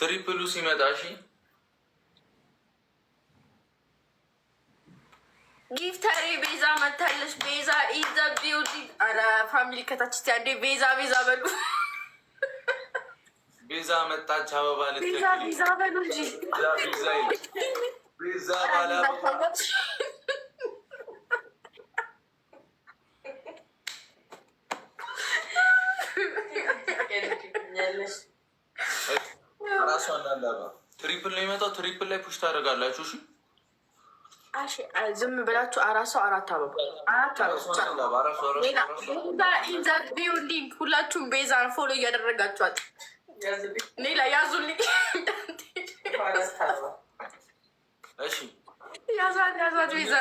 ትሪፕሉ ሲመጣ እሺ፣ ጊፍተሪ ቤዛ መታለች። ቤዛ ኢዘ ቢውቲ አረ ፋሚሊ ከታች እስኪ ቤዛ ቤዛ በሉ። ቤዛ መጣች። አበባ ልትቤዛ ቤዛ በሉ እንጂ ቤዛ ባላ ናቸው ትሪፕል ነው የመጣው። ትሪፕል ላይ ፑሽ ታደርጋላችሁ። እሺ ዝም ብላችሁ አራት ሰው አራት አበባ ሁላችሁም ቤዛን ፎሎ እያደረጋችኋል። ሌላ ያዙልኝ፣ ቤዛ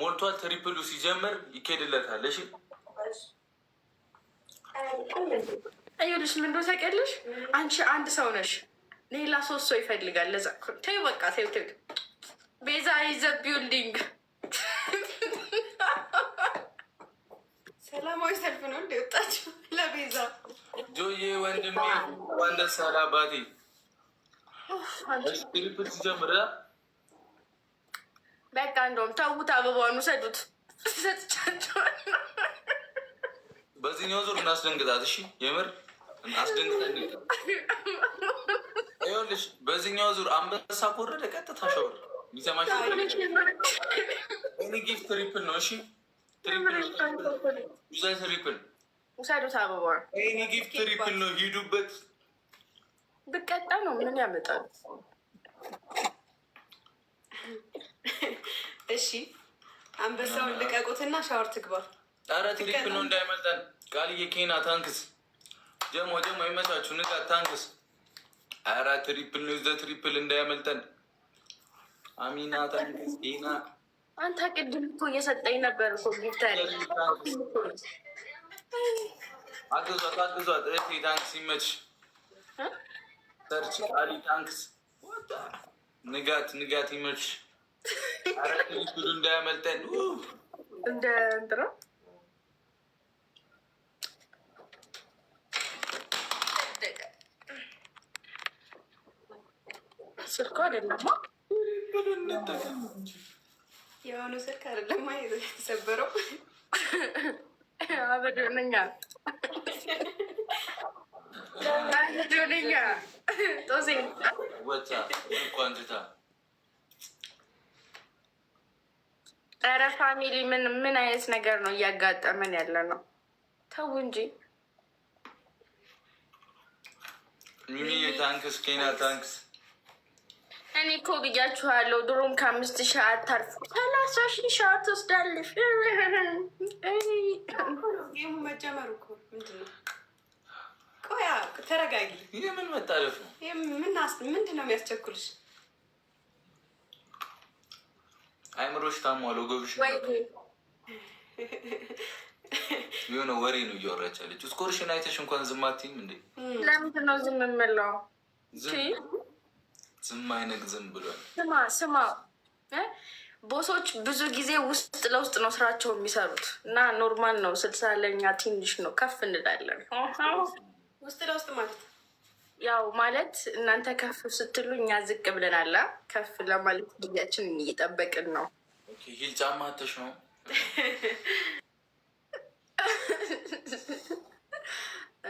ሞልቷል። ትሪፕሉ ሲጀምር ይኬድለታል። እሺ ይኸውልሽ ምን እንደው ታውቂያለሽ፣ አንቺ አንድ ሰው ነሽ፣ ሌላ ሶስት ሰው ይፈልጋል። ለዛ ተይው፣ በቃ ተይው፣ ተይው። ቤዛ ይዘ ቢውልዲንግ ሰላማዊ ሰልፍ ነው እንደ ወጣችሁ ለቤዛ ጆዬ፣ ወንድሜ ወንደ ሰላባቴ ስክሪፕት ጀምረ በቃ እንደውም ተዉት፣ አበባውን ውሰዱት፣ ሰጥቻቸዋል በዚህኛው ዙር እናስደንግጣት። እሺ የምር እናስደንግጣት። ይኸውልሽ በዚህኛው ዙር አንበሳ ከወረደ ቀጥታ ሻወር የሚሰማሽ እኔ ጊፍት ትሪፕል ነው። እሺ ትሪፕል ትሪፕል ውሰዱት። አበባ እኔ ጊፍት ትሪፕል ነው። ሂዱበት። ብቀጣ ነው ምን ያመጣል? እሺ አንበሳውን ልቀቁትና ሻወር ትግባል። ኧረ ትልቅ ነው እንዳይመልጠን ቃልዬ ኬና ታንክስ ጀሞ ጀሞ ይመቻችሁ። ንጋ ታንክስ። አረ ትሪፕል ነው ዘ ትሪፕል እንዳያመልጠን። አሚና ታንክስ። ኬና አንተ ቅድም እኮ እየሰጠኝ ነበር እኮ ጊፍታል። አግዟት አግዟት እህቴ ታንክስ። ይመች ሰርች አሊ ታንክስ። ንጋት ንጋት ይመች። ኧረ ትሪፕል እንዳያመልጠን እንደ እንትራ ስልኩ አይደለማ የሆኑ ስልክ አይደለማ የተሰበረው ኧረ ፋሚሊ ምን ምን አይነት ነገር ነው እያጋጠመን ያለ ነው? ተው እንጂ ታንክስ ኬና ታንክስ እኔ እኮ ብያችኋለሁ፣ ድሮም ከአምስት ሺህ አታርፍ ሰላሳ ሺህ ሺህ አትወስዳለሽ። መጨመሩ እኮ ምንድን ተረጋጊ። የምን መጣለፍ ነው? ምንድን ነው የሚያስቸኩልሽ? አይምሮሽ ታሟል፣ ወገብሽ የሆነ ወሬ ነው እያወራች ያለችው። ስኮርሽን አይተሽ እንኳን ዝም አትይም እንዴ? ለምንድን ነው ዝም የምለው? ዝም አይነግዝም ብሏል። ስማ ስማ ቦሶች ብዙ ጊዜ ውስጥ ለውስጥ ነው ስራቸው የሚሰሩት እና ኖርማል ነው። ስልሳ ለኛ ትንሽ ነው፣ ከፍ እንላለን። ውስጥ ለውስጥ ማለት ያው ማለት እናንተ ከፍ ስትሉ እኛ ዝቅ ብለናላ። ከፍ ለማለት ጊዜያችን እየጠበቅን ነው። ሂል ጫማ ተሽ ነው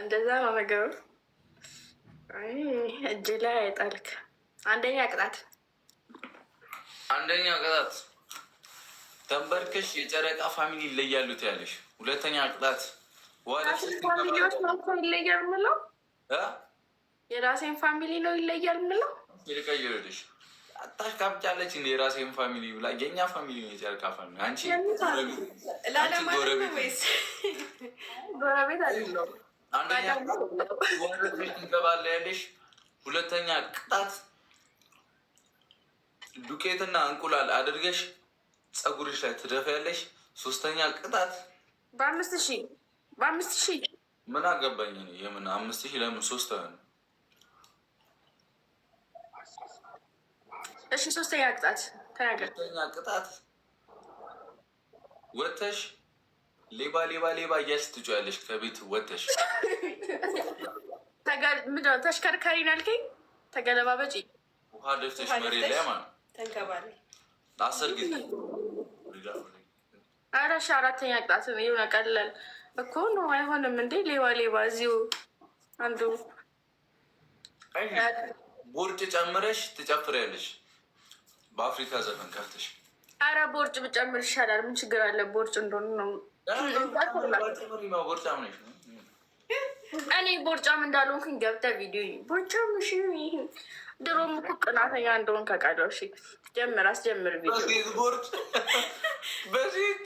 እንደዛ ነው ነገሩ። እጅ ላይ አይጣልክ አንደኛ ቅጣት አንደኛ ቅጣት ተንበርክሽ የጨረቃ ፋሚሊ ይለያሉት ያለሽ። ሁለተኛ ቅጣት ፋሚሊዎች ናቸው ይለያል ምለው የራሴን ፋሚሊ ነው ይለያል ምለው ልቀይርልሽ አታሽ ካብጫለች እንደ የራሴን ፋሚሊ ብላ የኛ ፋሚሊ ነው የጨረቃ ፋሚሊ። አንቺ ጎረቤት አለ ያለሽ ሁለተኛ ቅጣት ዱቄትና እንቁላል አድርገሽ ፀጉርሽ ላይ ትደፊያለሽ። ሶስተኛ ቅጣት በአምስት ሺ በአምስት ሺ ምን አገባኝ የምን አምስት ሺ ለምን ሶስተ ነው? እሺ ሶስተኛ ቅጣት ተናገር። ሶስተኛ ቅጣት ወተሽ ሌባ ሌባ ሌባ እያልሽ ትጮያለሽ። ከቤት ወተሽ ተሽከርካሪ ናልከኝ ተገለባበጪ ውሃ ደፍተሽ መሬት ላይ ማለት ተንከባለኝ አስር ኧረ እሺ አራተኛ ቅጣት የሆነ ቀለል እኮ ነው። አይሆንም እንዴ ሌባ ሌባ እዚሁ አንዱ ቦርጭ ጨምረሽ ትጨፍሪያለሽ። በአፍሪካ ዘፈን ከፍተሽ አረ ቦርጭ ብጨምር ይሻላል። ምን ችግር አለ? ቦርጭ እንደሆነ ነው እኔ ቦርጫም እንዳልሆንኩኝ ገብተህ ቪዲዮ ቦርጫም ሽ ድሮም እኮ ቅናተኛ እንደሆን ከቃዳው ሺ ጀምር አስጀምር ቪዲዮ ቦርጭ በፊት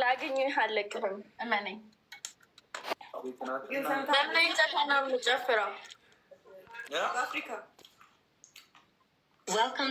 ላግኝህ አለቅህም እመነኝ። በምን ጨፈር ነው